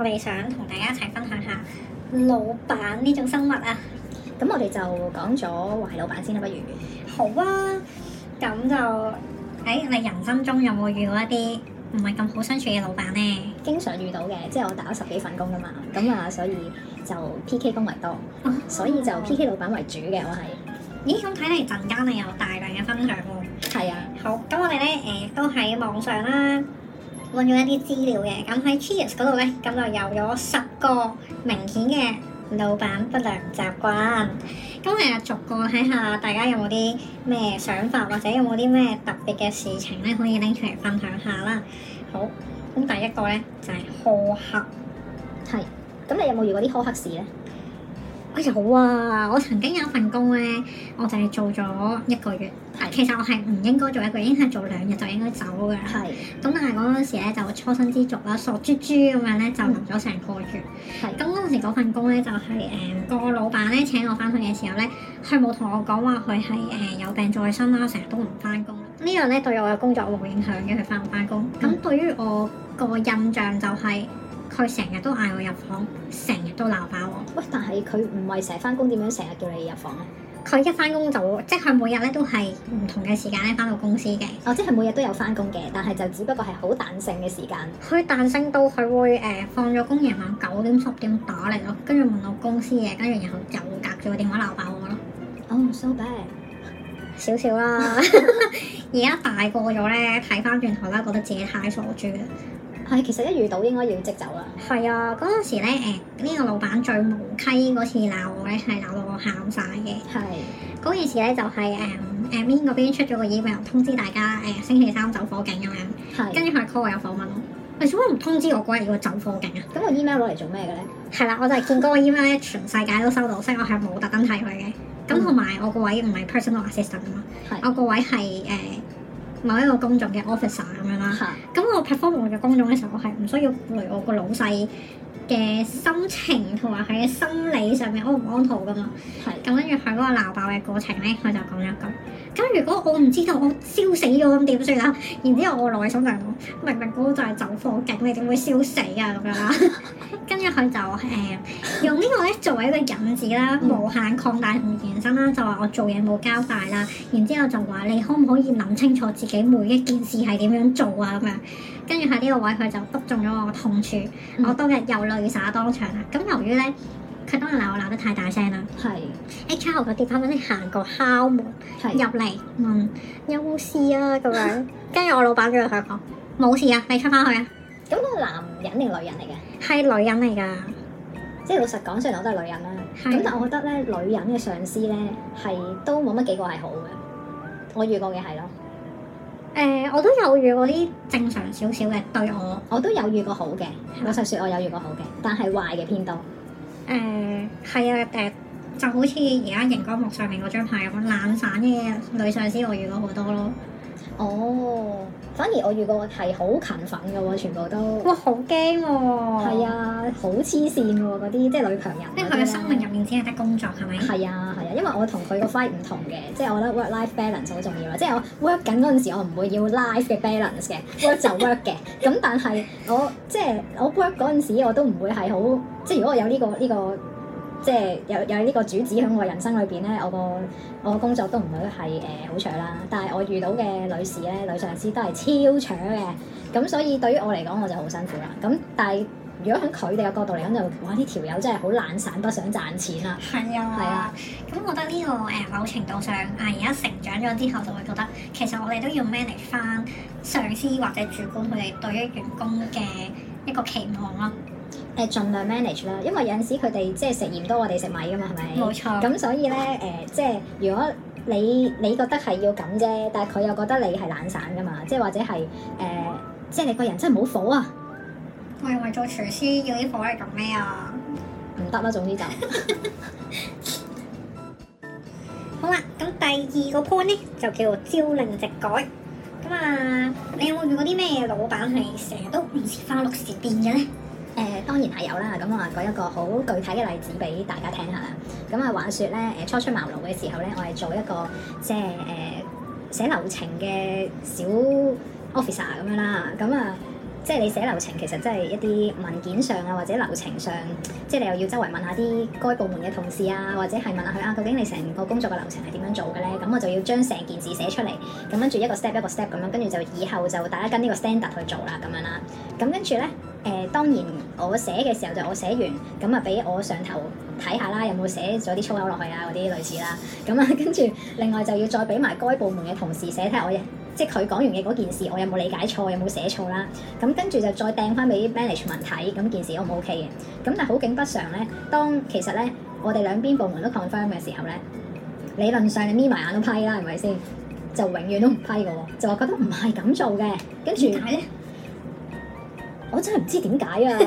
我哋想同大家一齊分享下老闆呢種生物啊！咁我哋就講咗壞老闆先啦，不如？好啊！咁就誒、欸，你人生中有冇遇到一啲唔係咁好相處嘅老闆呢？經常遇到嘅，即係我打咗十幾份工噶嘛，咁啊，所以就 P K 工為多，啊、所以就 P K 老闆為主嘅，我係。咦、欸，咁睇嚟陣間你有大量嘅分享喎。係啊，好，咁我哋咧誒都喺網上啦。揾咗一啲資料嘅，咁喺 Cheers 嗰度咧，咁就有咗十個明顯嘅老闆不良習慣。咁其實逐個睇下，大家有冇啲咩想法，或者有冇啲咩特別嘅事情咧，可以拎出嚟分享下啦。好，咁第一個咧就係苛刻，係。咁你有冇遇過啲苛刻事咧？我有啊！我曾經有一份工咧，我就係做咗一個月。是其實我係唔應該做一個月，應該做兩日就應該走㗎啦。係是。咁但係嗰陣時咧，就初生之犢啦，傻豬豬咁樣咧就留咗成個月。係是。咁嗰陣時嗰份工咧就係、是、誒、嗯、那個老闆咧請我返去嘅時候咧，佢冇同我講話佢係誒有病在身啦，成日都唔返工。呢樣咧對我嘅工作冇影響嘅，佢返唔返工。咁、嗯、對於我個印象就係、是。佢成日都嗌我入房，成日都鬧爆我。喂，但係佢唔係成日翻工，點樣成日叫你入房咧？佢一翻工就即係每日咧都係唔同嘅時間咧翻到公司嘅。哦，即係每日都有翻工嘅，但係就只不過係好彈性嘅時間。佢彈性到佢會誒、呃、放咗工夜晚九點、十點打嚟咯，跟住問我公司嘢，跟住然後又隔住個電話鬧爆我咯。哦，so bad，少少啦了。而家 大個咗咧，睇翻轉頭啦，覺得自己太傻豬啦。係，其實一遇到應該要即走啦。係啊，嗰陣、啊、時咧，誒、呃、呢、呢個老闆最無稽嗰次鬧我咧，係鬧到我喊晒嘅。係嗰件事咧，就係誒誒 Ming 嗰邊出咗個 email 通知大家，誒、呃、星期三走火警咁樣。係是，跟住佢 call 我有訪問咯、哎。為什麼唔通知我嗰日要走火警啊？咁個 email 攞嚟做咩嘅咧？係啦、啊，我就係見嗰個 email 咧，全世界都收到，所以我係冇特登睇佢嘅。咁同埋我個位唔係 personal assistant 啊嘛。我個位係誒。是是某一個公眾嘅 officer 咁是樣啦，咁我 perform 我嘅公眾嘅時候，我係唔需要回我個老細嘅心情同埋佢嘅心理上面，我唔安妥噶嘛。係咁是，跟住佢嗰個鬧爆嘅過程咧，佢就講咗一句：「咁如果我唔知道我燒死咗咁點算啦？」然之後我內心就係、明明白白就係走火警，你點會燒死啊咁樣啦。跟住佢就誒、嗯、用個呢個咧作為一個引子啦，無限擴大同延伸啦，嗯、就話我做嘢冇交代啦。然之後就話你可唔可以諗清楚自，幾每一件事係點樣做啊咁樣，跟住喺呢個位佢就篤中咗我痛處，嗯、我當日又淚灑當場啦。咁由於咧，佢當日鬧我鬧得太大聲啦，係是。一出後個店旁邊行過敲門入嚟問有冇事啊咁樣，跟住 我老闆叫佢同我講冇事啊，你出翻去啊。咁個男人定女人嚟嘅？係女人嚟噶，即係老實講，雖然我都係女人啦。咁是但係我覺得咧，女人嘅上司咧係都冇乜幾個係好嘅，我遇過嘅係咯。誒、呃，我都有遇過啲正常少少嘅對我，我都有遇過好嘅，老實說我有遇過好嘅，但係壞嘅偏多。誒、呃，係啊，誒、呃，就好似而家熒光幕上面嗰張牌咁，懶散嘅女上司我遇過好多咯。哦。反而我遇過係好勤奮嘅喎，全部都嘩好驚喎，係啊，好黐線喎嗰啲，即係女強人。即係佢嘅生命入面只係得工作係咪？係啊，係啊，因為我同佢個 fight 唔同嘅，即係我覺得 work life balance 好重要啦。即係我 work 緊嗰陣時，我唔會要 life 嘅 balance 嘅 ，work 就 work 嘅。咁但係我即係我 work 嗰陣時，我都唔會係好即係如果我有呢個呢個。呢個即係有有呢個主旨，喺我人生裏邊咧，我個我工作都唔會係誒好搶啦。但係我遇到嘅女士咧，女上司都係超搶嘅。咁所以對於我嚟講，我就好辛苦啦。咁但係如果喺佢哋嘅角度嚟講，就哇啲條友真係好懶散，唔想賺錢啦。係啊，係啦的。咁的我覺得呢、這個誒某、呃、程度上啊，而家成長咗之後，就會覺得其實我哋都要 manage 翻上司或者主管佢哋對於員工嘅一個期望咯。誒，盡量 manage 啦，因為有時佢哋即係食鹽多，我哋食米噶嘛，係咪？冇錯。咁所以咧，誒、呃，即係如果你你覺得係要咁啫，但係佢又覺得你係懶散噶嘛，即係或者係誒、呃，即係你個人真係冇火啊！我以為做廚師要啲火嚟做咩啊？唔得啦，總之就 好啦。咁第二個 point 咧，就叫朝令夕改。咁啊，你有冇遇過啲咩老闆係成日都唔時花六時變嘅咧？當然係有啦，咁我話舉一個好具體嘅例子俾大家聽下啦。咁啊，話說咧，誒初出茅廬嘅時候咧，我係做一個即係誒、呃、寫流程嘅小 officer 咁樣啦。咁啊，即係你寫流程，其實真係一啲文件上啊，或者流程上，即係你又要周圍問下啲該部門嘅同事啊，或者係問下佢啊，究竟你成個工作嘅流程係點樣做嘅咧？咁我就要將成件事寫出嚟，咁跟住一個 step 一個 step 咁樣，跟住就以後就大家跟呢個 standard 去做啦，咁樣啦。咁跟住咧。誒、呃、當然，我寫嘅時候就我寫完，咁啊俾我上頭睇下啦，有冇寫咗啲粗口落去啊？嗰啲類似啦，咁、嗯、啊跟住另外就要再俾埋該部門嘅同事寫睇下，我即係佢講完嘅嗰件事，我有冇理解錯，有冇寫錯啦？咁、嗯、跟住就再掟翻俾啲 management 睇，咁件事 O 唔 O K 嘅？咁、嗯、但係好景不常咧，當其實咧我哋兩邊部門都 confirm 嘅時候咧，理論上你眯埋眼都批啦，係咪先？就永遠都唔批嘅喎，就話覺得唔係咁做嘅，跟住。我真係唔知點解啊！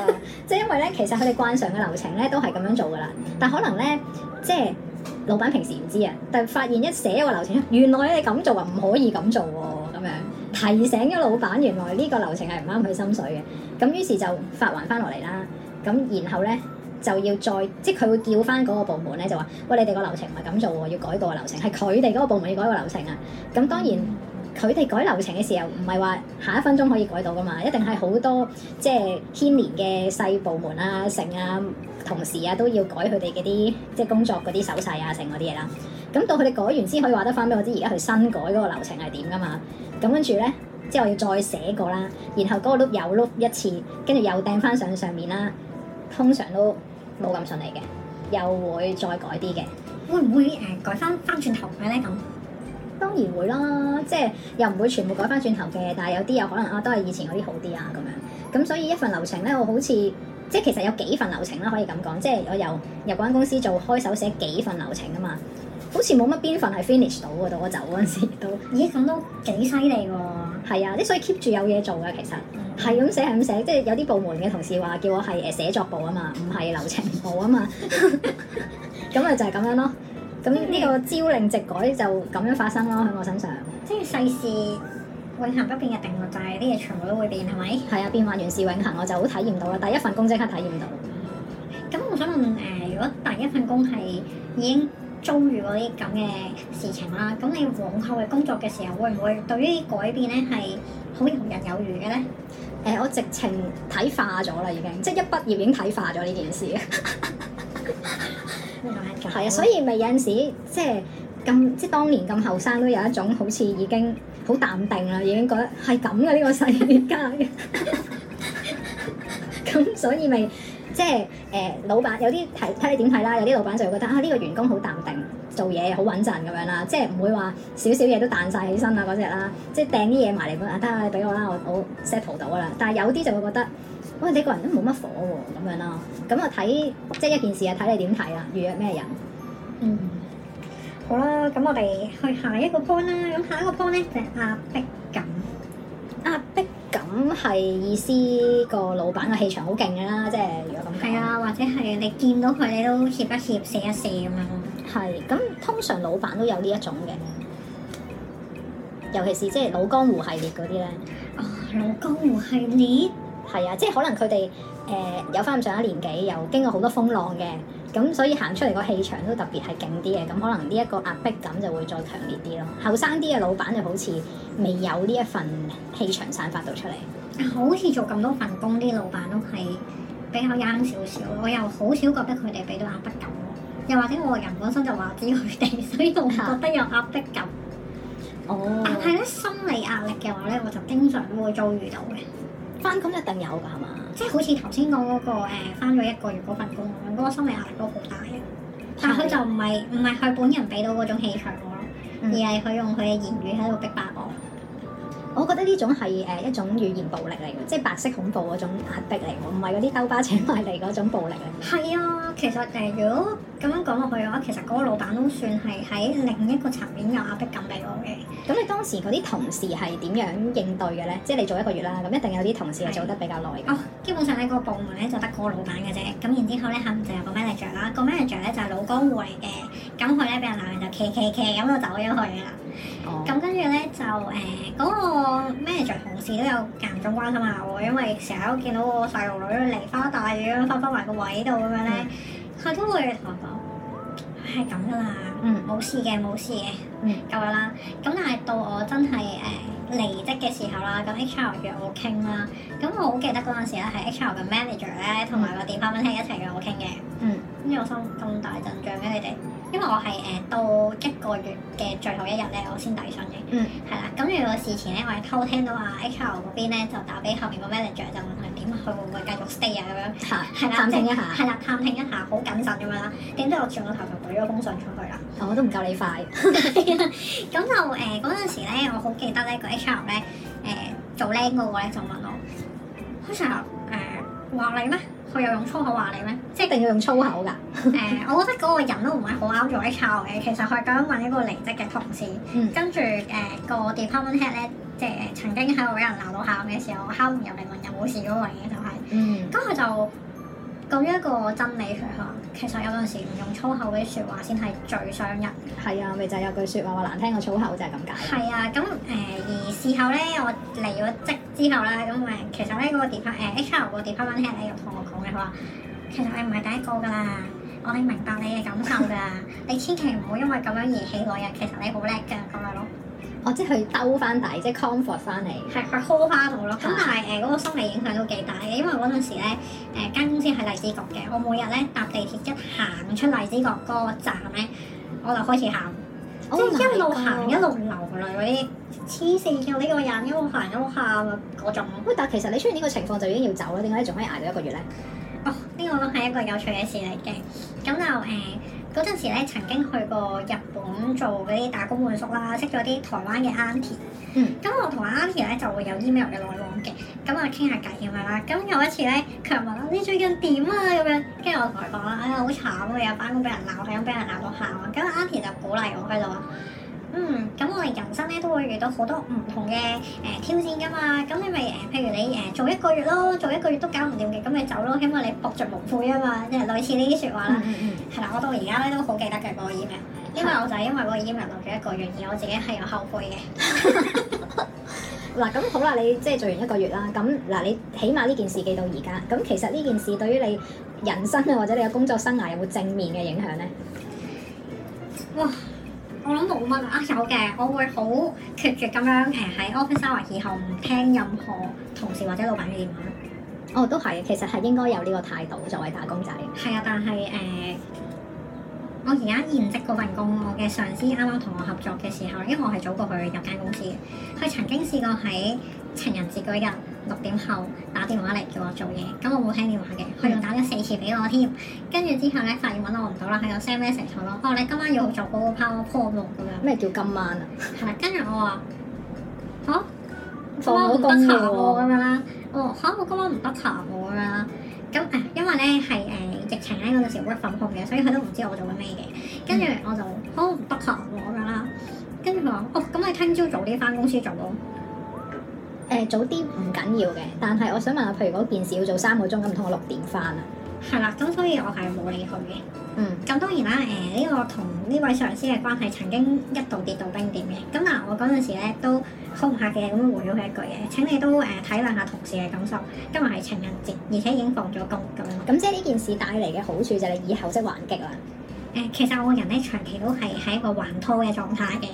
即係因為咧，其實佢哋慣常嘅流程咧都係咁樣做噶啦，但可能咧，即係老闆平時唔知啊，但發現一寫一個流程原來咧你咁做啊，唔可以咁做喎、哦，咁樣提醒咗老闆，原來呢個流程係唔啱佢心水嘅，咁於是就發還翻落嚟啦。咁然後咧就要再即係佢會叫翻嗰個部門咧，就話，喂，你哋個流程唔係咁做喎，要改個流程，係佢哋嗰個部門要改個流程啊！咁當然。佢哋改流程嘅時候，唔係話下一分鐘可以改到噶嘛，一定係好多即係牽連嘅細部門啊、成啊、同事啊，都要改佢哋嗰啲即係工作嗰啲手勢啊、成嗰啲嘢啦。咁到佢哋改完先可以話得翻畀我知而家佢新改嗰個流程係點噶嘛。咁跟住咧，即係我要再寫過啦，然後嗰個碌又碌一次，跟住又掟翻上上面啦。通常都冇咁順利嘅，又會再改啲嘅。會唔會誒、呃、改翻翻轉頭咁樣咧？咁？當然會啦，即係又唔會全部改翻轉頭嘅，但係有啲又可能啊，都係以前嗰啲好啲啊咁樣。咁、嗯、所以一份流程咧，我好似即係其實有幾份流程啦，可以咁講，即係我由入嗰間公司做開手寫幾份流程啊嘛，好似冇乜邊份係 finish 到嘅，到我走嗰陣時都，咦，咁都幾犀利喎。係啊，啲、啊、所以 keep 住有嘢做嘅其實係咁、嗯、寫係咁寫，即係有啲部門嘅同事話叫我係誒寫作部啊嘛，唔係流程部啊嘛，咁 咪、嗯、就係、是、咁樣咯。咁呢個朝令夕改就咁樣發生咯，喺我身上。即世事永恆不變嘅定律，但係啲嘢全部都會變，係咪？係啊，變幻原是永恆，我就好體驗到啦。第一份工即刻體驗到。咁我想問誒、呃，如果第一份工係已經遭遇嗰啲咁嘅事情啦，咁你往後嘅工作嘅時候，會唔會對於改變咧係好游刃有餘嘅咧？誒、呃，我直情睇化咗啦，已經，即一畢業已經睇化咗呢件事。 係啊，所以咪有陣時即係咁，即係當年咁後生都有一種好似已經好淡定啦，已經覺得係咁嘅呢個世界。咁 所以咪即係誒、呃、老闆有啲睇睇你點睇啦，有啲老闆就會覺得啊，呢個員工好淡定，做嘢好穩陣咁樣啦，即係唔會話少少嘢都彈晒起身啊嗰隻啦，即係掟啲嘢埋嚟，得啊，俾我啦，我 settle 到啦。但係有啲就會覺得。佢哋、啊、個人都冇乜火喎、啊，咁樣啦，咁啊睇即係一件事啊，睇你點睇啦，預約咩人？嗯，好啦，咁我哋去下一個波啦。咁下一個波咧就係壓迫感。壓迫、啊、感係意思個老闆嘅氣場好勁㗎啦，即係如果咁。係啊，或者係你見到佢，你都怯一怯寫一寫、射一射咁樣。係，咁通常老闆都有呢一種嘅，尤其是即係老江湖系列嗰啲咧。啊、哦，老江湖系列。係啊，即係可能佢哋誒有翻咁上下年紀，又經過好多風浪嘅，咁所以行出嚟個氣場都特別係勁啲嘅。咁可能呢一個壓迫感就會再強烈啲咯。後生啲嘅老闆就好似未有呢一份氣場散發到出嚟。好似做咁多份工啲老闆都係比較輕少少，我又好少覺得佢哋俾到壓迫感。又或者我人本身就話知佢哋，所以唔覺得有壓迫感。 哦，但。但係咧心理壓力嘅話咧，我就經常都會遭遇到嘅。翻工一定有噶，係嘛？即係好似頭先講嗰個誒，翻咗一個月嗰份工，嗰個心理壓力都好大嘅。但係佢就唔係唔係佢本人俾到嗰種氣場咯，而係佢用佢嘅言語喺度逼爆。我覺得呢種係誒、呃、一種語言暴力嚟嘅，即係白色恐怖嗰種壓迫嚟，唔係嗰啲兜巴星埋嚟嗰種暴力嚟。係啊，其實誒、呃，如果咁樣講落去嘅話，其實嗰個老闆都算係喺另一個層面有壓迫感俾我嘅。咁、嗯、你當時嗰啲同事係點樣應對嘅咧？嗯、即係你做一個月啦，咁一定有啲同事係做得比較耐。哦，基本上喺個部門咧就得個老闆嘅啫，咁然之後咧嚇、嗯，就有個 manager 啦，個 manager 咧就係、是、老江湖嚟嘅，咁佢咧俾人鬧完就騎騎騎，咁就走咗去啦。咁跟住咧就誒，嗰個 manager 同事都有間中關心下我，因為成日都見到我細路女梨花帶雨咁翻返埋個位度咁樣咧，佢、嗯、都會同我講，係咁㗎啦，冇事嘅，冇事嘅，夠啦。咁但係到我真係誒、呃、離職嘅時候啦，咁 HR 約我傾啦，咁我好記得嗰陣時咧，係 HR 嘅 manager 咧同埋個 department head 一齊約我傾嘅，嗯，跟住我心咁大陣仗嘅你哋。因為我係誒到一個月嘅最後一日咧，我先遞信嘅，嗯，係啦。咁如果事前咧，我係偷聽到啊 H R 嗰邊咧，就打俾後面個 manager，就問佢點，佢會唔會繼續 stay 啊咁樣，係啦，探聽一下，係啦，探聽一下，好謹慎咁樣啦。點知我轉個頭就舉咗封信出去啦。我都唔夠你快。咁就誒嗰陣時咧，我好記得咧個 H R 咧誒做靚嗰個咧就問我，H R 誒，我嚟咩？佢有用粗口話你咩？即係一定要用粗口噶？誒、 呃，我覺得嗰個人都唔係好啱做 HR 嘅。其實佢係咁問一個離職嘅同事，嗯、跟住誒、呃、個 department head 咧，即係曾經喺度俾人鬧到喊嘅時候，敲門入嚟問有冇事嗰個嘅就係、是。咁佢、嗯、就。講一個真理佢嚟，其實有陣時唔用粗口嗰啲説話先係最傷人。係啊，咪就係有句説話話難聽過粗口就係咁解。係啊，咁誒、呃、而事後咧，我離咗職之後啦，咁咪其實咧嗰、嗰個 department HR、呃、個 department head 你又同我講嘅，佢話其實你唔係第一個㗎啦，我哋明白你嘅感受㗎，你千祈唔好因為咁樣而氣餒啊，其實你好叻㗎，咁咪咯。 我即係去兜翻底，即係、oh, comfort 翻嚟、mm。係係 hold 翻到咯。咁 但係誒嗰個心理影響都幾大嘅，因為嗰陣時咧誒間公司喺荔枝角嘅，我每日咧搭地鐵一行出荔枝角嗰個站咧，我就開始喊，即一路行一路流淚嗰啲黐線嘅呢個人，一路行一路喊啊嗰種。喂，但係其實你出現呢個情況就已經要走啦，點解仲可以挨到一個月咧？哦，呢個係一個有趣嘅事嚟嘅，咁就……誒。嗰陣時咧，曾經去過日本做嗰啲打工換宿啦，識咗啲台灣嘅 Aunty。嗯。咁我同阿 Aunty 咧就會有 email 嘅來往嘅，咁啊傾下偈咁樣啦。咁有一次咧，佢問我：你最近點啊？咁樣。跟住我同佢講啦，哎呀，好慘啊，又返工俾人鬧，係咁俾人鬧到喊啊。咁阿 Aunty 就鼓勵我喺度話。嗯，咁我哋人生咧都會遇到好多唔同嘅誒、呃、挑戰噶嘛，咁你咪誒、呃，譬如你誒、呃、做一個月咯，做一個月都搞唔掂嘅，咁咪走咯，因為你搏著無悔啊嘛，即係類似呢啲説話啦，係啦、嗯嗯，我到而家咧都好記得嘅嗰、那個 email，的因為我就係因為嗰個 email 做咗一個月，而我自己係有後悔嘅。嗱、 啊，咁好啦，你即係做完一個月啦，咁嗱、啊，你起碼呢件事記到而家，咁其實呢件事對於你人生啊，或者你嘅工作生涯有冇正面嘅影響咧？哇！我諗冇乜啊，有嘅，我會好決絕咁樣誒喺 office hour 以後唔聽任何同事或者老闆嘅電話。哦，都係，其實係應該有呢個態度作為打工仔。係啊，但係誒、呃，我而家現職嗰份工，我嘅上司啱啱同我合作嘅時候，因為我係早過去入間公司嘅，佢曾經試過喺情人節嗰日，六點後打電話嚟叫我做嘢，咁我冇聽電話嘅，佢仲打咗四次俾我添。跟住之後咧，發現搵我唔到啦，喺度 send message 我咯。哦，你今晚要做嗰個 power point 咁樣。咩叫今晚啊？係啦。跟住我話嚇，今晚唔得閒喎咁樣啦。我嚇、啊，我今晚唔得閒喎咁樣啦。咁誒，因為咧係誒疫情咧嗰陣時 work from home 嘅，所以佢都唔知我做緊咩嘅。跟住我就好，唔、啊、得閒喎咁樣啦。跟住佢話哦，咁你聽朝早啲返公司做咯。誒、呃，早啲唔緊要嘅，但係我想問下，譬如嗰件事要做三個鐘，咁唔通我六點翻啊？係啦，咁所以我係冇理佢嘅。嗯，咁當然啦，誒、呃、呢、這個同呢位上司嘅關係曾經一度跌到冰點嘅。咁嗱，我嗰陣時咧都好唔客氣咁回咗佢一句嘅，請你都誒、呃、體諒下同事嘅感受，今日係情人節，而且已經放咗工咁樣。咁即係呢件事帶嚟嘅好處就係以後即係還擊啦。誒、呃，其實我個人咧長期都係喺一個還拖嘅狀態嘅，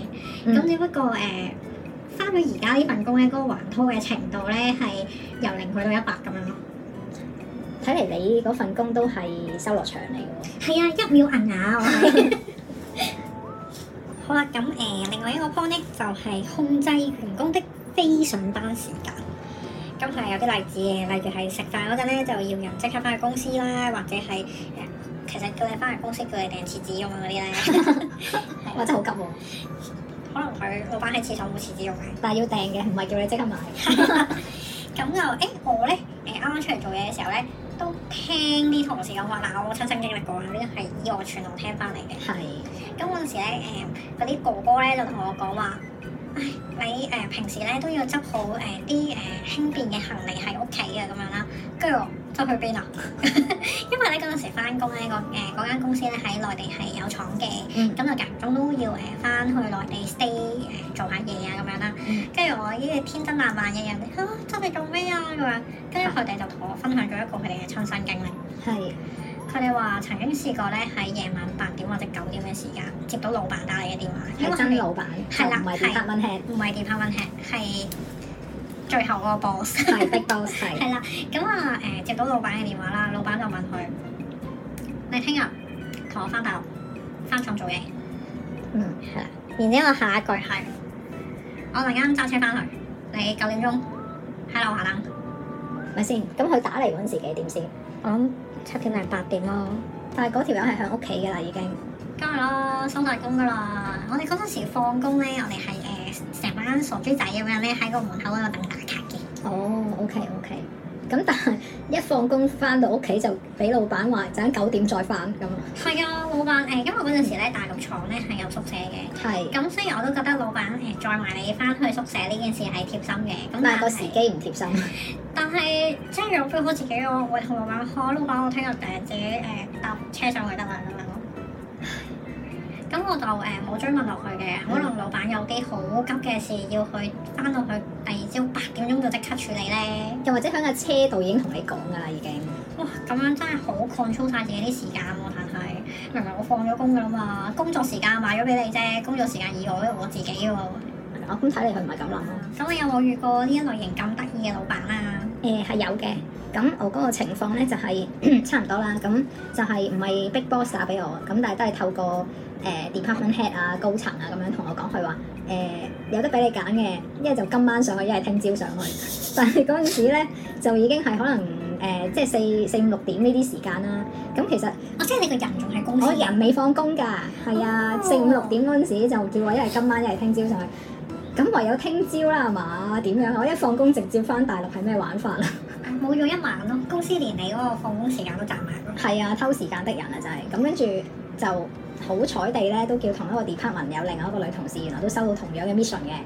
咁、嗯、只不過誒。呃相比而家呢份工咧，嗰、那個環拖嘅程度咧，係由零去到一百咁樣咯。睇嚟你嗰份工都係收落場嚟。係啊，一秒銀牙。 我是 好啦，咁誒、呃，另外一個 point 咧，就係控制員工的非上班時間。咁係有啲例子嘅，例如係食飯嗰陣咧，就要人即刻翻去公司啦，或者係誒、呃，其實叫你翻去公司叫你訂廁紙咁 啊嗰啲咧，哇，真係好急喎！可能佢老闆喺廁所冇廁紙用嘅，但係要訂嘅，唔係叫你即刻買 就。咁又誒，我咧誒啱啱出嚟做嘢嘅時候咧，都聽啲同事講話，嗱、呃、我親身經歷過，呢啲係以我全聽翻嚟嘅。係。咁嗰陣時咧誒，嗰啲哥哥咧就同我講話，唉，你誒、呃、平時咧都要執好誒啲誒輕便嘅行李喺屋企啊咁樣啦。跟住我，走去邊啊？因為咧嗰陣時翻工咧，個誒嗰間公司咧喺內地係有廠嘅，咁啊間唔中都要誒翻去內地 stay 誒、呃、做下嘢啊咁樣啦。跟住、嗯、我呢個天真爛漫嘅人啊，真係做咩啊咁樣？跟住佢哋就同我分享咗一個佢哋嘅親身經歷。係是，佢哋話曾經試過咧喺夜晚八點或者九點嘅時間接到老闆打嚟嘅電話，係真老闆，係啦，唔係地產問題，唔係地產問題，係。最後個 boss，係到係。啦 的，咁啊誒接到老闆嘅電話啦，老闆就問佢：你聽日同我翻大陸翻廠做嘢？嗯，係啦。然之後下一句係：的我陣間揸車翻去，你九點鐘喺樓下等，咪先。咁佢打嚟嗰陣時幾點先？我諗七點零八點咯。但係嗰條友係響屋企嘅啦，已經。梗係咯，收曬工噶啦。我哋嗰陣時放工咧，我哋係誒成班傻豬仔咁樣咧喺個門口嗰度等等。哦、oh,，OK OK，咁但係一放工翻到屋企就俾老闆話，就等九點再翻咁啊。係啊，老闆，誒、欸，咁我嗰陣時咧，嗯、大陸廠咧係有宿舍嘅。係的。咁雖然我都覺得老闆誒載埋你翻去宿舍呢件事係貼心嘅，咁但係個時機唔貼心。但係即係我照顧好自己，我會同老闆講，老闆，我聽日第日自己誒搭、呃、車上去得啦，咁啊。咁我就誒冇、呃、追問落去嘅，可能老闆有啲好急嘅事，要去翻到去第二朝八點鐘就即刻處理咧，又或者喺個車度已經同你講噶啦，已經。哇！咁樣真係好 control 晒自己啲時間喎，但係明明我放咗工噶啦嘛，工作時間賣咗俾你啫，工作時間以外我自己喎。哦、嗯，咁睇嚟佢唔係咁諗咯。咁你有冇遇過呢一類型咁得意嘅老闆啊？誒係、嗯、有嘅。咁我嗰個情況咧就係、是、 差唔多啦，咁就係唔係 Big Boss 打俾我，咁但係都係透過誒、呃、department head 啊、高層啊咁樣同我講，佢話誒有得俾你揀嘅，一係就今晚上去，一係聽朝上去。但係嗰陣時咧就已經係可能誒，即係四四五六點呢啲時間啦。咁、嗯、其實，我知你個人仲喺公司，我人未放工㗎。係啊，四五六點嗰陣時就叫我一係今晚一係聽朝上去。咁、嗯、唯有聽朝啦，係嘛？點樣？我一放工直接翻大陸係咩玩法啊？冇用一晚咯，公司連你嗰個放工時間都賺埋咯。係啊，偷時間的人啊，就係、是、咁跟住就好彩地咧，都叫同一個 department 有另外一個女同事，原來都收到同樣嘅 mission 嘅。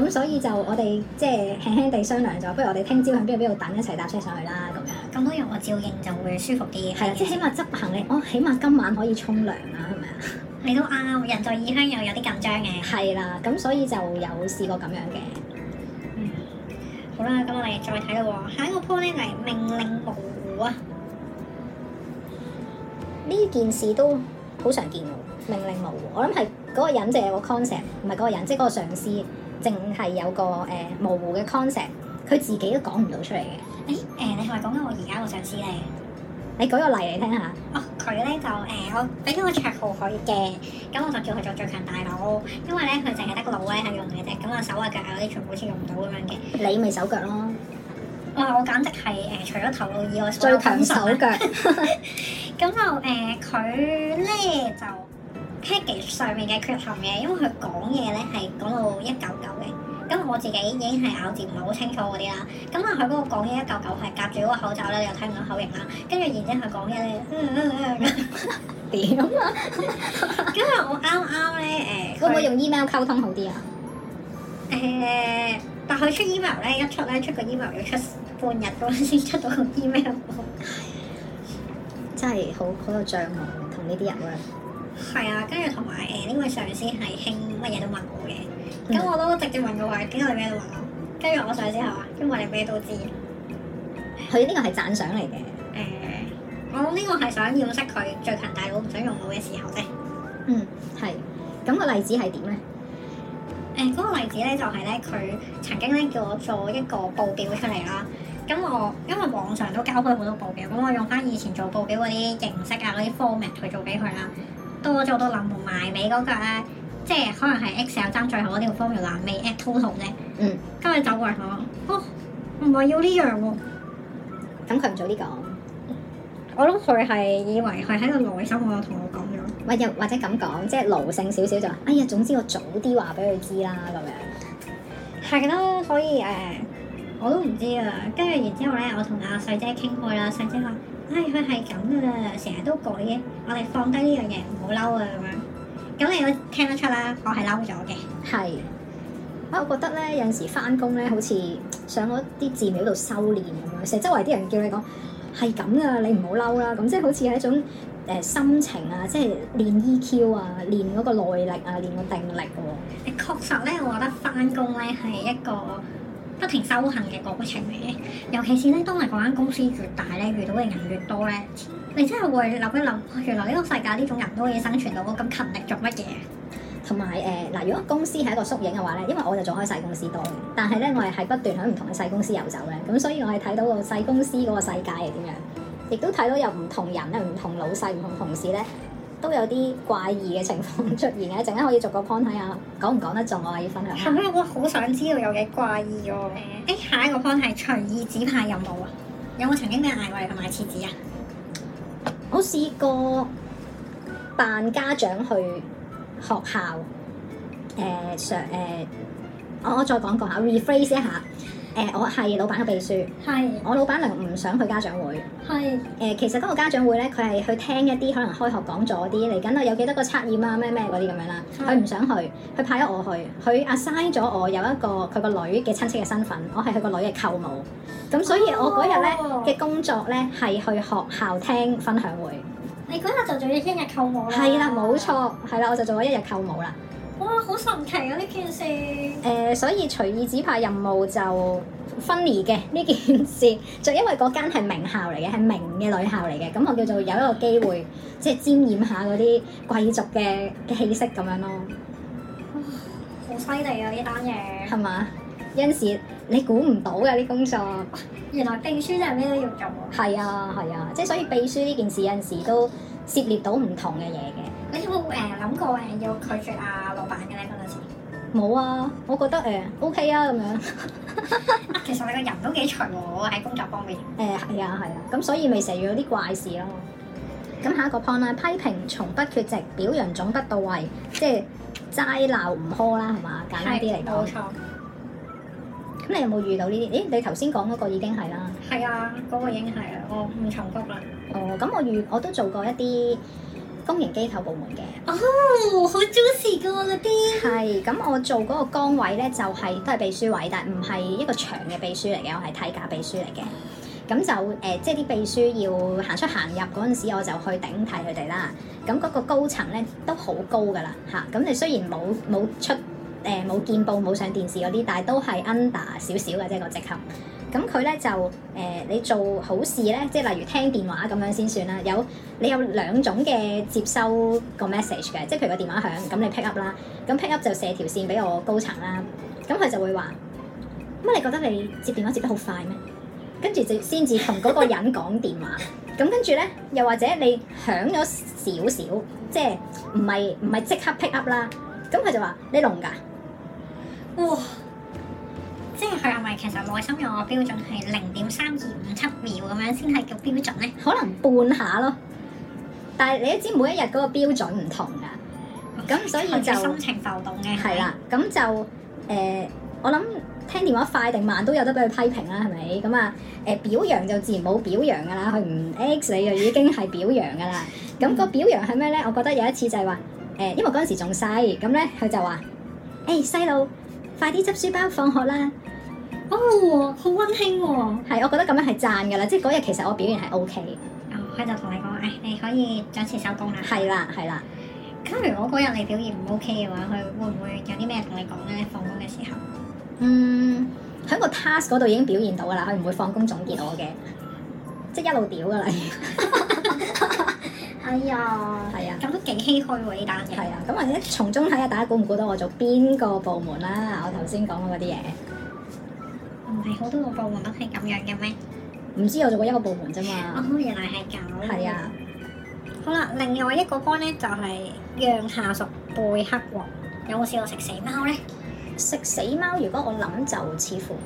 咁所以就我哋即係輕輕地商量咗，不如我哋聽朝喺邊度邊度等一齊搭車上去啦，咁樣咁都有個照應，就會舒服啲嘅。啦、啊，即係起碼執行咧，我起碼今晚可以沖涼啦，係咪啊？你都啱，人在異鄉又有啲緊張嘅。係啦、啊，咁所以就有試過咁樣嘅。好啦，咁我哋再睇到下一個 point 咧，係命令模糊啊。呢件事都好常見嘅，命令模糊。我諗係嗰個人淨係有個 concept，唔係嗰個人，即係嗰個上司個，淨係有個誒模糊嘅 concept，佢自己都講唔到出嚟嘅。誒、欸，誒、呃，你係咪講緊我而家個上司咧？你舉個例嚟聽下啊、哦！佢咧就誒、呃，我俾咗個綽號佢嘅，咁我，我就叫佢做最強大腦，因為咧佢淨係得個腦咧係用嘅啫，咁啊手啊腳嗰啲全部好似用唔到咁樣嘅。你咪手腳咯！哇！我簡直係誒、呃，除咗頭腦以外，我最強手腳，啊。咁、 嗯呃、就誒，佢咧就 package 上面嘅缺陷嘅，因為佢講嘢咧係講到一九九。咁我自己已經係咬字唔係好清楚嗰啲啦，咁啊佢嗰個講嘢一嚿嚿係夾住嗰個口罩咧，又睇唔到口型啦。跟住然之後佢講嘢咧，點、嗯、啊？因、嗯、為、嗯嗯、 我啱啱咧誒，可唔可以用 email 溝通好啲啊？誒、呃，但佢出 email 咧一出咧出個 email 要出半日嗰陣先出到個 email， 真係好好有障礙，同呢啲人咧。係啊，跟住同埋誒呢位上司係興乜嘢都問我嘅。咁、嗯、我都直接問個位，點解你咩都問我？跟住我上之後啊，因為你咩都知。佢呢個係讚賞嚟嘅。誒、呃，我呢個係想掩飾佢最強大佬唔想用腦嘅時候啫。嗯，係。咁、那個例子係點咧？誒、呃，嗰、那個例子咧就係咧，佢曾經咧叫我做一個報表出嚟啦。咁我因為往常都交佢好多報表，咁我用翻以前做報表嗰啲形式啊，嗰啲 format 去做俾佢啦。當我做到臨埋，尾嗰個咧。即係可能係 Excel 爭最後呢個 formula 未 at total 啫，嗯，跟住走過嚟同我講，哦，唔係要呢樣喎，咁佢唔早啲講，我諗佢係以為係喺個內心我同我講咗，或又或者咁講，即係勞性少少就話、是，哎呀，總之我早啲話俾佢知啦，咁樣係咯， 所以誒，我都唔知啊，跟住然之後咧，我同阿細姐傾開啦，細姐話，唉、哎，佢係咁啊，成日都改嘅，我哋放低呢樣嘢，唔好嬲啊咁樣。咁你都聽得出啦，我係嬲咗嘅。係，啊我覺得咧有陣時翻工咧，好似上嗰啲寺廟度修煉咁樣，成周圍啲人叫你講係咁啊，你唔好嬲啦。咁即係好似係一種誒、呃、心情啊，即係練 EQ 啊，練嗰個耐力啊，練個定力喎、啊。誒，確實咧，我覺得翻工咧係一個不停修行嘅過程嚟嘅，尤其是咧，當係嗰間公司越大咧，遇到嘅人越多咧。你真係會諗一諗，原來呢個世界呢種人都可以生存到，我咁勤力做乜嘢？同埋誒嗱，如果公司係一個縮影嘅話咧，因為我就做開細公司多嘅，但係咧我係喺不斷喺唔同嘅細公司遊走嘅。咁所以我係睇到個細公司嗰個世界係點樣，亦都睇到有唔同人咧、唔同老細、唔同同事咧，都有啲怪異嘅情況出現嘅。陣間、嗯、可以逐個 point 睇下講唔講得中，我係要分享下。下、啊。我好想知道有幾怪異哦、啊。誒、哎，下一個 point 係隨意指派任務啊！有冇曾經咩嗌我哋去買廁紙啊？我試過扮家長去學校，誒上誒，我、呃、我再講講，我 rephrase 一下。誒、呃，我係老闆嘅秘書。係是，我老闆娘唔想去家長會。係是。誒、呃，其實嗰個家長會咧，佢係去聽一啲可能開學講座啲嚟緊啊，有幾多個測驗啊，咩咩嗰啲咁樣啦。佢唔是想去，佢派咗我去，佢 assign 咗我有一個佢個女嘅親戚嘅身份，我係佢個女嘅舅母。咁所以我，我嗰日咧嘅工作咧係去學校聽分享會。你嗰日就做咗一日舅母啦。係啦，冇錯，係啦的，我就做咗一日舅母啦。哇，好神奇啊！呢件事，誒、呃，所以隨意指派任務就分離嘅呢件事， 就因為嗰間係名校嚟嘅，係名嘅女校嚟嘅，咁我叫做有一個機會，即係沾染下嗰啲貴族嘅氣息咁樣咯。哇、哦，好犀利啊！呢單嘢係嘛？有陣時你估唔到嘅啲工作， 原來秘書真係咩都要做。係啊，係啊，即係、啊、所以秘書呢件事有陣時都涉獵到唔同嘅嘢嘅。有冇誒諗過誒要拒絕阿老闆嘅咧嗰陣時？冇啊，我覺得誒 O K 啊咁樣。其實你個人都幾隨和喎，喺工作方面。誒係啊係啊，咁所以咪成日遇到啲怪事咯。咁下一個 point 啦，批評從不缺席，表揚總不到位，即係齋鬧唔苛啦，係嘛？簡單啲嚟講。冇錯。咁你有冇遇到呢啲？誒，你頭先講嗰個已經係啦。係啊，嗰個已經係啊，我唔重複啦。哦，咁我遇我都做過一啲。公營機構部門嘅，哦，好尊士嘅喎嗰啲。係咁，我做嗰個崗位咧，就係、是、都係秘書位，但係唔係一個長嘅秘書嚟嘅，我係替假秘書嚟嘅。咁就誒、呃，即係啲秘書要行出行入嗰陣時，我就去頂替佢哋啦。咁嗰個高層咧都好高㗎啦，嚇、啊！咁你雖然冇冇出誒冇、呃、見報冇上電視嗰啲，但係都係 under 少少嘅，即係個職級。咁佢咧就誒、呃，你做好事咧，即係例如聽電話咁樣先算啦。有你有兩種嘅接收個 message 嘅，即係譬如個電話響，咁你 pick up 啦。咁 pick up 就射條線俾我高層啦。咁佢就會話：乜你覺得你接電話接得好快咩？跟住就先至同嗰個人講電話。咁 跟住咧，又或者你響咗少少，即係唔係唔係即刻 pick up 啦？咁佢就話：你聾㗎？哇、呃！即係佢係咪其實內心有個標準係零點三二五七秒咁樣先係叫標準咧？可能半下咯。但係你都知每一日嗰個標準唔同噶，咁所以就心情浮動嘅。係啦的，咁就誒、呃，我諗聽電話快定慢都有得俾佢批評啦，係咪？咁啊誒，表揚就自然冇表揚噶啦，佢唔 x 你就已經係表揚噶啦。咁個表揚係咩咧？我覺得有一次就係話誒，因為嗰陣時仲細，咁咧佢就話誒，細路快啲執書包放學啦。哦，好溫、oh, 馨喎，啊！係，我覺得咁樣係讚噶啦，即係嗰日其實我表現係 O K。佢，哦，就同你講，唉，哎，你可以準時收工啦。係啦，係啦。假如我嗰日你表現唔 O K 嘅話，佢會唔會有啲咩同你講咧？放工嘅時候？嗯，喺個 task 嗰度已經表現到啦，佢唔會放工總結我嘅， 即係一路屌噶啦。 哎呀呦，係 啊，咁都幾唏噓喎呢單嘢。係啊，咁或者從中睇下大家估唔估到我做邊個部門啦，啊？ 我頭先講嗰啲嘢。唔係好多個部門都係咁樣嘅咩？唔知我做過一個部門啫嘛。哦，原來係咁。係啊。好啦，另外一個方咧就係、是、讓下屬背黑鑊。有冇試過食死貓咧？食死貓，如果我諗就似乎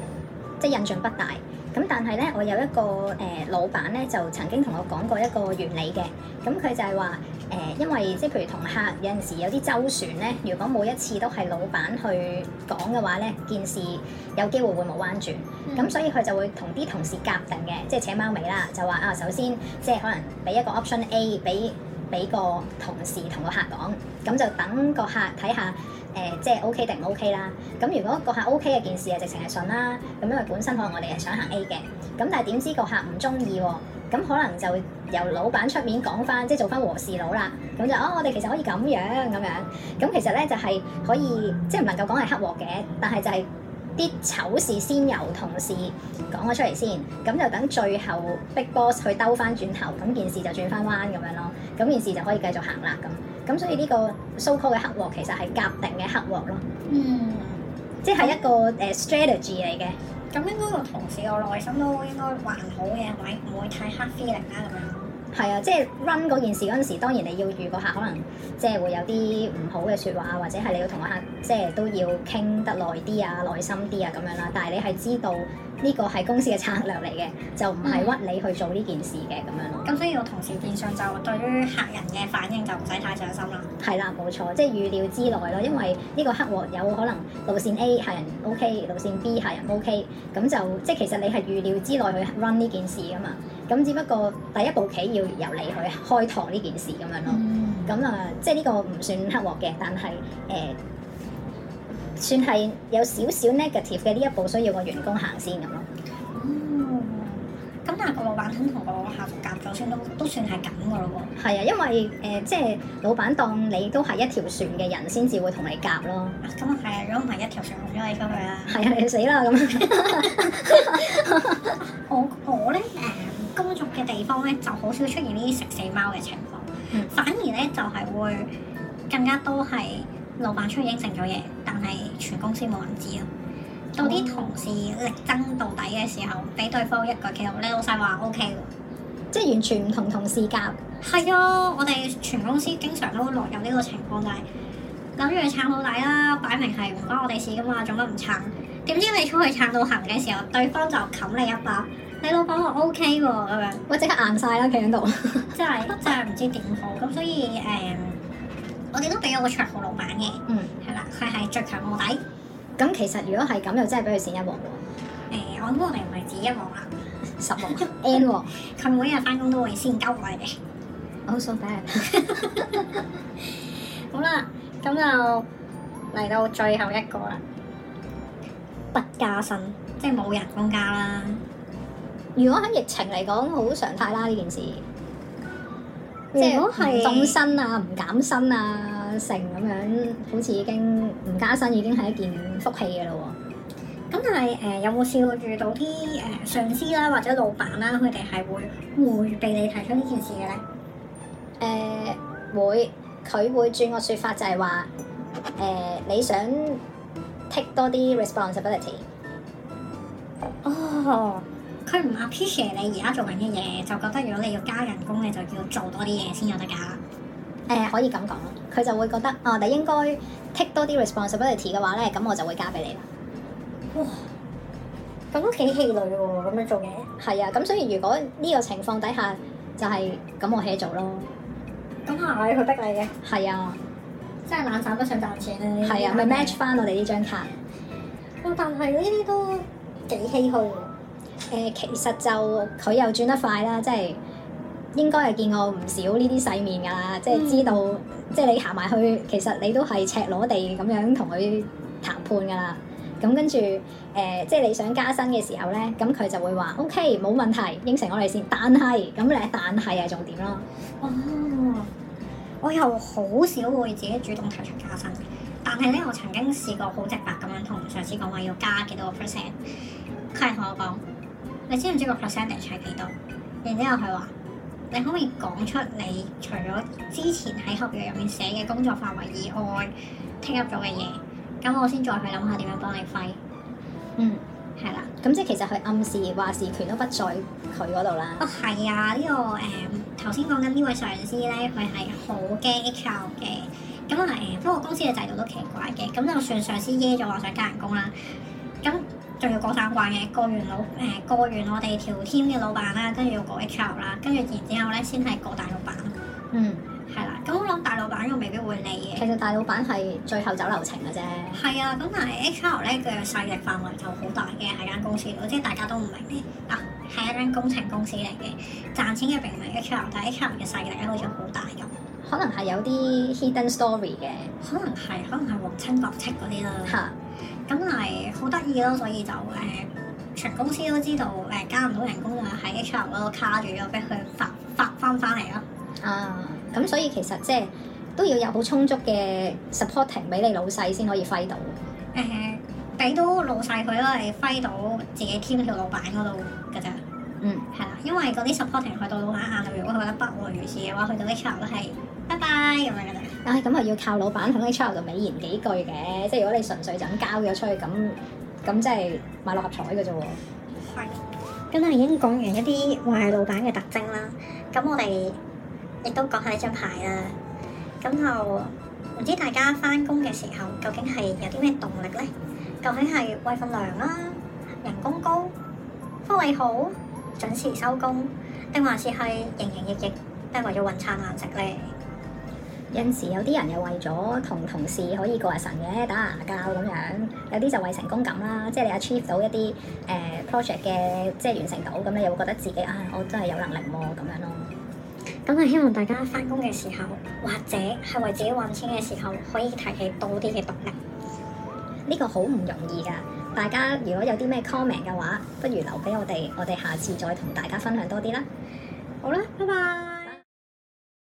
即係印象不大。咁但係咧，我有一個誒、呃、老闆咧，就曾經同我講過一個原理嘅。咁佢就係話誒，因為即係譬如同客有陣時有啲周旋咧，如果每一次都係老闆去講嘅話咧，件事有機會會冇彎轉。咁、嗯、所以佢就會同啲同事夾定嘅，即係扯貓尾啦，就話啊，首先即係可能俾一個 option A，俾俾個同事同個客講，咁就等個客睇下。誒、呃、即係 OK 定唔 OK 啦？咁如果個客 OK 嘅件事啊，直情係順啦。咁因為本身可能我哋係想行 A 嘅，咁但係點知個客唔中意喎？咁可能就由老闆出面講翻，即係做翻和事佬啦。咁就哦，我哋其實可以咁樣咁樣。咁其實咧就係、是、可以，即係唔能夠講係黑鑊嘅，但係就係啲醜事先由同事講咗出嚟先，咁就等最後 Big Boss 去兜翻轉頭，咁件事就轉翻彎咁樣咯。咁件事就可以繼續行啦咁。咁所以呢個 so-called 黑鑊其實係夾定嘅黑鑊咯，嗯，即係一個誒、uh, strategy 嚟嘅。咁應該我同事個內心都應該還好嘅，唔會太黑 feeling 啦咁樣。係啊，即係 run 嗰件事嗰陣時，當然你要預個客可能即係會有啲唔好嘅説話，或者係你要同個客即係都要傾得耐啲啊、耐心啲啊咁樣啦。但係你係知道呢個係公司嘅策略嚟嘅，就唔係屈你去做呢件事嘅咁樣咯。咁、嗯、樣所以我同時變相就對於客人嘅反應就唔使太上心啦。係啦、啊，冇錯，即係預料之內咯，因為呢個客有可能路線 A 客人 OK，路線 B 客人 OK，咁、OK，就即係其實你係預料之內去 run 呢件事噶嘛。咁只不過第一步棋要由你去開拓呢件事咁樣咯、嗯，咁啊、呃、即係呢個唔算黑鑊嘅，但係誒、呃、算係有少少 negative 嘅呢一步需要個員工行先咁咯，嗯、咯。哦，但啊個老闆同個客戶夾咗先都都算係咁嘅咯喎。係啊，因為誒、呃、即係老闆當你都係一條船嘅人先至會同你夾咯。啊，咁係啊，如果唔係一條船，我唔要你翻去啦。係啊，你死啦咁。 就好少出現呢啲食死貓嘅情況，嗯、反而咧就係會更加多係老闆出去應承咗嘢，但係全公司冇人知咯。到啲同事力爭到底嘅時候，俾對方一個 call，你老細話 O K，即係完全唔同同事夾。係啊，我哋全公司經常都落入呢個情況，但係諗住去撐到底啦，擺明係唔關我哋事噶嘛，做乜唔撐？點知你出去撐到行嘅時候，對方就冚你一巴。你老闆話 O K 喎咁樣，我即刻硬晒啦，企喺度，真係真係唔知點好咁，所以誒，um, 我哋都俾咗個綽號老闆嘅，嗯係啦，佢係最強臥底。咁、嗯、其實如果係咁，又真係俾佢閃一鑊喎。誒、欸，我諗我哋唔係指一鑊啦， 十鑊，M 鑊，佢、 嗯、每日係翻工都會先交過我嘅。我、oh, so so bad 好啦，咁就嚟到最後一個啦，不加薪，即係冇人工加啦。如果喺疫情嚟講好常態啦呢件事，如果即係凍薪啊，唔減薪啊成咁樣，好似已經唔加薪已經係一件福氣嘅咯。咁但係誒有冇試過遇到啲誒、呃、上司啦、啊、或者老闆啦，佢哋係會會俾你提出呢件事嘅咧？誒、呃、會，佢會轉個說法就係話誒你想 take 多啲 responsibility 哦。Oh. 佢唔 appreciate 你而家做緊嘅嘢，就覺得如果你要加人工咧，就要做多啲嘢先有得加。誒、呃，可以咁講，佢就會覺得哦，你應該 take 多啲 responsibility 嘅話咧，咁我就會加俾你。哇、哦！咁都幾氣餒喎，咁樣做嘢。係啊，咁所以如果呢個情況底下，就係、是、咁我 hea 做咯。咁係佢逼你嘅。係啊，真係懶散不想賺錢啊！係啊，咪 match 翻我哋呢張卡。哇、哦！但係呢啲都幾唏噓喎。誒、呃，其實就佢又轉得快啦，即係應該係見過唔少呢啲世面噶啦，嗯、即係知道，即係你行埋去，其實你都係赤裸地咁樣同佢談判噶啦。咁跟住誒、呃，即係你想加薪嘅時候咧，咁佢就會話 OK，冇問題，應承我哋先。但係咁咧，但係係重點咯。哦，我又好少會自己主動提出加薪，但係咧，我曾經試過好直白咁樣同上司講話要加幾多個 percent，佢係同我講。你知唔知個 percentage 係幾多？然之後佢話，你可唔可以講出你除咗之前喺合約入面寫嘅工作範圍以外，聽入咗嘅嘢？咁我先再去諗下點樣幫你揮。嗯，係啦。咁即係其實佢暗示話事權都不在佢嗰度啦。哦，係啊，呢、這個誒，頭先講緊呢位上司咧，佢係好驚 HR 嘅。咁誒，不、嗯、過公司嘅制度都奇怪嘅。咁就算上司耶咗話想加人工啦，咁。仲要過三關嘅，過完老誒、呃、過完我哋條 team 嘅老闆啦，跟住要過 H R 啦，跟住然之後咧先係過大老闆。嗯，係啦。咁我諗大老闆嗰個未必會理嘅。其實大老闆係最後走流程嘅啫。係啊，咁但係 H R 咧佢嘅勢力範圍就好大嘅喺間公司度，即係大家都唔明嘅啊，係一間工程公司嚟嘅，賺錢嘅並唔係 H R，但係 H R 嘅勢力好似好大咁。可能係有啲 hidden story 嘅。可能係，可能係皇親國戚嗰啲啦。嚇！咁係好得意咯，所以就誒、呃、全公司都知道誒、呃、加唔到人工 H R 啊，喺 HR 嗰度卡住咗，俾佢發發翻返嚟咯。啊，咁所以其實即、就、係、是、都要有好充足嘅 supporting 俾你老細先可以揮到。誒、呃，俾到老細佢都係揮到自己添，到老闆嗰度嘅啫。嗯，係啦，因為嗰啲 supporting 去到老闆眼度，如果佢覺得不外如是嘅話，去到 HR 都係。拜拜，有咩嘅？唉，咁啊要靠老闆喺 channel 度美言幾句嘅，即係如果你純粹就咁交咗出去，咁咁真係買六合彩嘅啫喎。係。咁啊已經講完一啲壞老闆嘅特徵啦。咁我哋亦都講下呢張牌啦。咁就唔知大家翻工嘅時候，究竟係有啲咩動力咧？究竟係餵份糧啦，人工高，福利好，準時收工，定還是係營營役役，定還是要揾餐飯食咧？有時有啲人又為咗同同事可以過下神嘅打牙鉸咁樣，有啲就為成功感啦，即係你 achieve 到一啲誒、呃、project 嘅即係完成到咁樣，你又會覺得自己啊，我真係有能力喎、啊、咁樣咯。咁我希望大家返工嘅時候，或者係為自己揾錢嘅時候，可以提起多啲嘅動力。呢個好唔容易㗎。大家如果有啲咩 comment 嘅話，不如留俾我哋，我哋下次再同大家分享多啲啦。好啦，拜拜。